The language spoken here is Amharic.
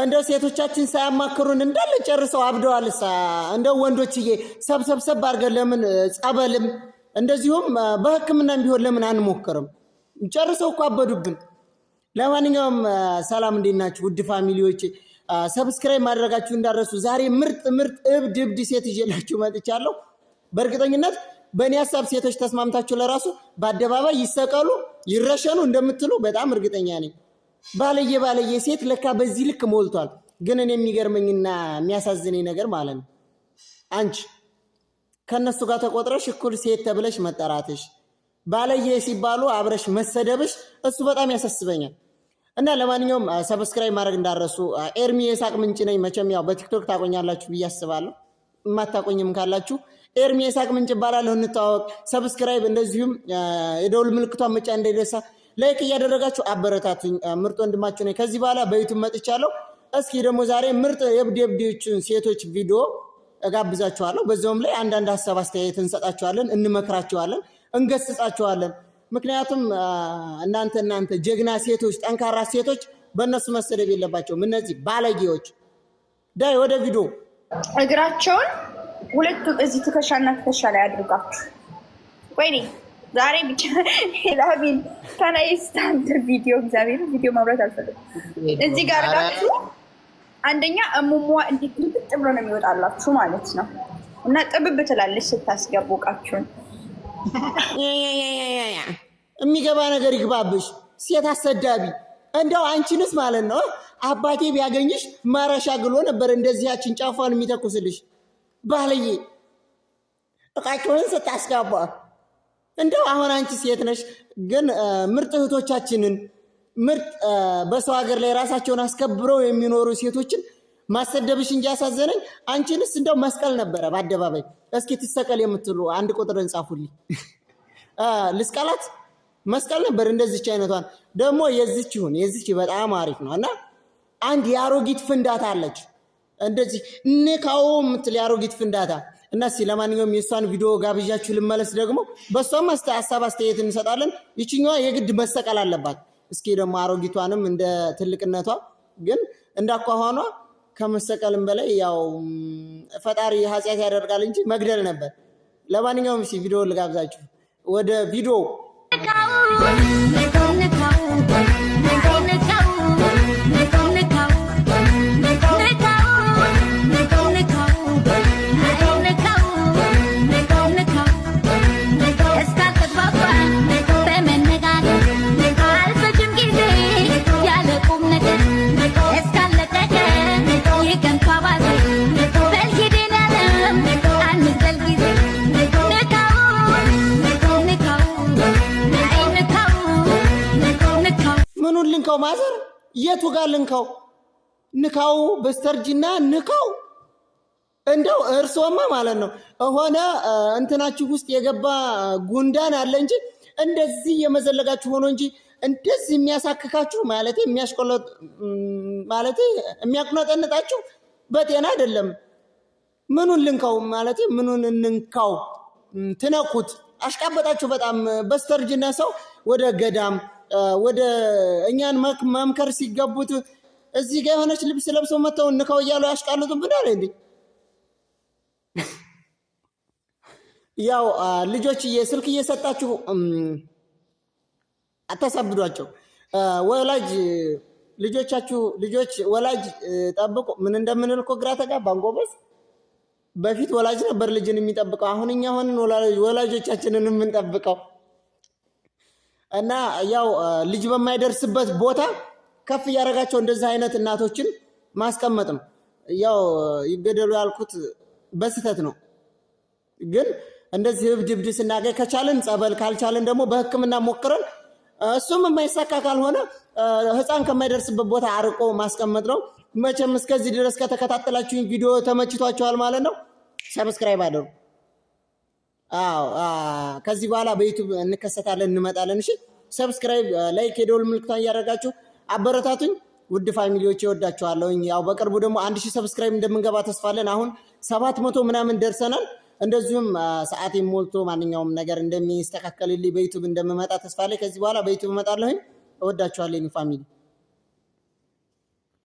እንደ ሴቶቻችን ሳያማክሩን እንዳለ ጨርሰው አብደዋል። እንደ ወንዶችዬ ሰብሰብሰብ አድርገን ለምን ጸበልም እንደዚሁም በሕክምና ቢሆን ለምን አንሞክርም? ጨርሰው እኮ አበዱብን። ለማንኛውም ሰላም፣ እንዴት ናችሁ ውድ ፋሚሊዎች? ሰብስክራይብ ማድረጋችሁ እንዳረሱ። ዛሬ ምርጥ ምርጥ እብድ እብድ ሴት ይዤላችሁ መጥቻለሁ። በእርግጠኝነት በእኔ ሀሳብ ሴቶች ተስማምታችሁ ለራሱ በአደባባይ ይሰቀሉ ይረሸኑ እንደምትሉ በጣም እርግጠኛ ነኝ። ባለየ ባለየ ሴት ለካ በዚህ ልክ ሞልቷል። ግን እኔ የሚገርመኝና የሚያሳዝነኝ ነገር ማለት ነው አንቺ ከእነሱ ጋር ተቆጥረሽ እኩል ሴት ተብለሽ መጠራትሽ፣ ባለየ ሲባሉ አብረሽ መሰደብሽ እሱ በጣም ያሳስበኛል። እና ለማንኛውም ሰብስክራይብ ማድረግ እንዳረሱ። ኤርሚ የሳቅ ምንጭ ነኝ። መቼም ያው በቲክቶክ ታቆኛላችሁ ብዬ አስባለሁ። የማታቆኝም ካላችሁ ኤርሚ የሳቅ ምንጭ እባላለሁ፣ እንተዋወቅ። ሰብስክራይብ እንደዚሁም የደውል ምልክቷን መጫ እንዳይደሳ ላይክ እያደረጋችሁ አበረታቱኝ። ምርጥ ወንድማችሁ ነኝ። ከዚህ በኋላ በዩቱብ መጥቻለሁ። እስኪ ደግሞ ዛሬ ምርጥ የብድ ሴቶች ቪዲዮ እጋብዛችኋለሁ። በዚያውም ላይ አንዳንድ ሀሳብ አስተያየት እንሰጣችኋለን፣ እንመክራችኋለን፣ እንገስጻችኋለን። ምክንያቱም እናንተ እናንተ ጀግና ሴቶች፣ ጠንካራ ሴቶች በእነሱ መሰደብ የለባቸውም። እነዚህ ባለጌዎች ዳይ ወደ ቪዲዮ እግራቸውን ሁለቱም እዚህ ትከሻና ትከሻ ላይ አድርጋችሁ ወይኔ ዛሬ ብቻ ላቢን ከናይስታንድ ቪዲዮ እግዚአብሔር ቪዲዮ ማብራት አልፈልግም። እዚህ ጋር አንደኛ እሙሟ እንዴት ግልብጥ ብሎ ነው የሚወጣላችሁ ማለት ነው። እና ጥብብ ትላለች ስታስገቡ እቃችሁን። የሚገባ ነገር ይግባብሽ። ሴት አሰዳቢ እንደው አንቺንስ ማለት ነው አባቴ ቢያገኝሽ ማረሻ ግሎ ነበር እንደዚያችን ጫፏን የሚተኩስልሽ ባህልዬ እቃችሁን ስታስገባ እንደው አሁን አንቺ ሴት ነሽ፣ ግን ምርጥ እህቶቻችንን ምርጥ በሰው ሀገር ላይ ራሳቸውን አስከብረው የሚኖሩ ሴቶችን ማሰደብሽ እንጂ ያሳዘነኝ አንቺንስ እንደው መስቀል ነበረ በአደባባይ። እስኪ ትሰቀል የምትሉ አንድ ቁጥር እንጻፉልኝ። ልስቀላት መስቀል ነበር። እንደዚች አይነቷን ደግሞ የዚች ይሁን የዚች በጣም አሪፍ ነው እና አንድ የአሮጊት ፍንዳታ አለች እንደዚህ እኔ ካዎ የምትል የአሮጊት ፍንዳታ እና እስኪ ለማንኛውም የእሷን ቪዲዮ ጋብዣችሁ ልመለስ። ደግሞ በእሷም ሀሳብ አስተያየት እንሰጣለን። ይችኛዋ የግድ መሰቀል አለባት። እስኪ ደግሞ አሮጊቷንም እንደ ትልቅነቷ ግን እንዳኳኋኗ ከመሰቀልም በላይ ያው ፈጣሪ ኃጢአት ያደርጋል እንጂ መግደል ነበር። ለማንኛውም እስኪ ቪዲዮ ልጋብዛችሁ ወደ ቪዲዮ ልንካው ማዘር፣ የቱ ጋር ልንካው? ንካው፣ በስተርጅና ንካው። እንደው እርሶማ ማለት ነው ሆነ እንትናችሁ ውስጥ የገባ ጉንዳን አለ እንጂ እንደዚህ የመዘለጋችሁ ሆኖ እንጂ እንደዚህ የሚያሳክካችሁ ማለት የሚያሽቆለጥ ማለት የሚያቁነጠንጣችሁ በጤና አይደለም። ምኑን ልንካው ማለት ምኑን እንንካው? ትነኩት፣ አሽቃበጣችሁ በጣም በስተርጅና ሰው ወደ ገዳም ወደ እኛን መምከር ሲገቡት እዚህ ጋር የሆነች ልብስ ለብሰው መጥተው እንከው እያሉ ያሽቃልጡብናል። እንዴ ያው ልጆችዬ ስልክ እየሰጣችሁ አታሳብዷቸው። ወላጅ ልጆቻችሁ ልጆች ወላጅ ጠብቁ። ምን እንደምንል እኮ ግራ ተጋባን ጎበዝ። በፊት ወላጅ ነበር ልጅን የሚጠብቀው። አሁን እኛ ሆንን ወላጆቻችንን የምንጠብቀው። እና ያው ልጅ በማይደርስበት ቦታ ከፍ እያደረጋቸው እንደዚህ አይነት እናቶችን ማስቀመጥ ነው። ያው ይገደሉ ያልኩት በስህተት ነው። ግን እንደዚህ እብድ እብድ ስናገኝ ከቻልን ጸበል፣ ካልቻልን ደግሞ በሕክምና ሞክረን እሱም የማይሳካ ካልሆነ ህፃን ከማይደርስበት ቦታ አርቆ ማስቀመጥ ነው። መቼም እስከዚህ ድረስ ከተከታተላችሁኝ ቪዲዮ ተመችቷችኋል ማለት ነው። ሰብስክራይብ አድርጉ። ከዚህ በኋላ በዩቱብ እንከሰታለን፣ እንመጣለን። እሺ ሰብስክራይብ፣ ላይክ፣ የደወል ምልክቷን እያደረጋችሁ አበረታቱኝ። ውድ ፋሚሊዎች ይወዳችኋለሁኝ። ያው በቅርቡ ደግሞ አንድ ሺህ ሰብስክራይብ እንደምንገባ ተስፋለን። አሁን ሰባት መቶ ምናምን ደርሰናል። እንደዚሁም ሰዓቴ ሞልቶ ማንኛውም ነገር እንደሚስተካከልልኝ በዩቱብ እንደምመጣ ተስፋ ላይ ከዚህ በኋላ በዩቱብ እመጣለሁኝ። እወዳችኋለሁ ፋሚሊ